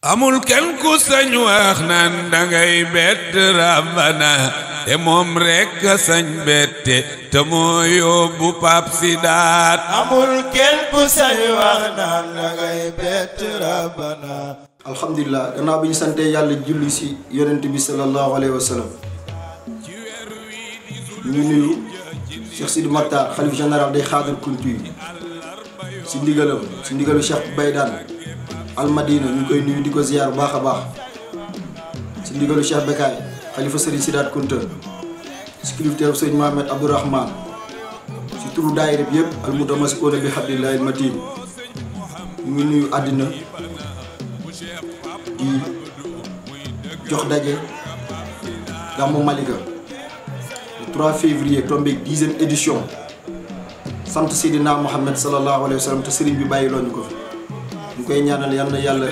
amul kenn ku sañ wax naan dangay bett rabbana te moom rekk sañ bette te moo yóbbu pap sidaat amul bi ñu yàlla julli ci yonent bi sallallahu alayhi wa sallam ñu nuyu Cheikh Sidi Makhtar xalif général day xaadar kuntu yi ci ndigalu Cheikh Baydaan almadina ñu koy nuyu di ko ziar bu baax a baax si ndigalu Cheikh Bekaay xalifa Serigne Sidaat Kunta si kilifteeru Serigne Mohamed Abdourahman si turu daayira bi yëpp matin ñu ngi nuyu àddina di jox daje gàmmu Malika le 3 février tombé dixième édition sant Seydina Mohamed sallallahu alayhi wa sallam te Serigne bi bàyyi loo ñu ko koy ñaanal yal na yàlla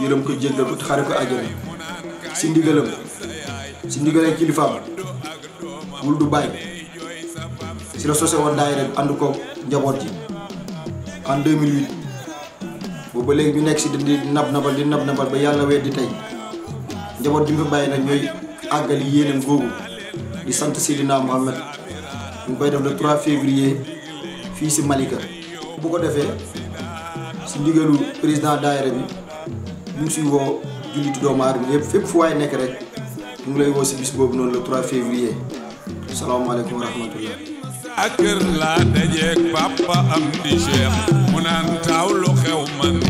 yërëm ko jéggal ko xare ko àjjana si ndigalam si ndigalee kilifaam wul du bàyyi si la sose woon daayira bi ànd ko njaboot yi en 2008 ba léegi ñu nekk si di nab nabal di nab nabal ba yàlla weet di tey njaboot bi mu fi bàyyi nag ñooy àggali yéenam googu di sant Seydina Mohamed ñu koy def le 3 février fii si Malika bu ko defee ci ndigalu président daayira bi ñu ngi siy woo jullitu doomu aadama yëpp fu waay nekk rek ñu ngi lay woo si bis boobu noonu la 3 février salaamaaleykum wa rahmatullah ak kër laa dajeeg papa am di mu naan taaw lu xew man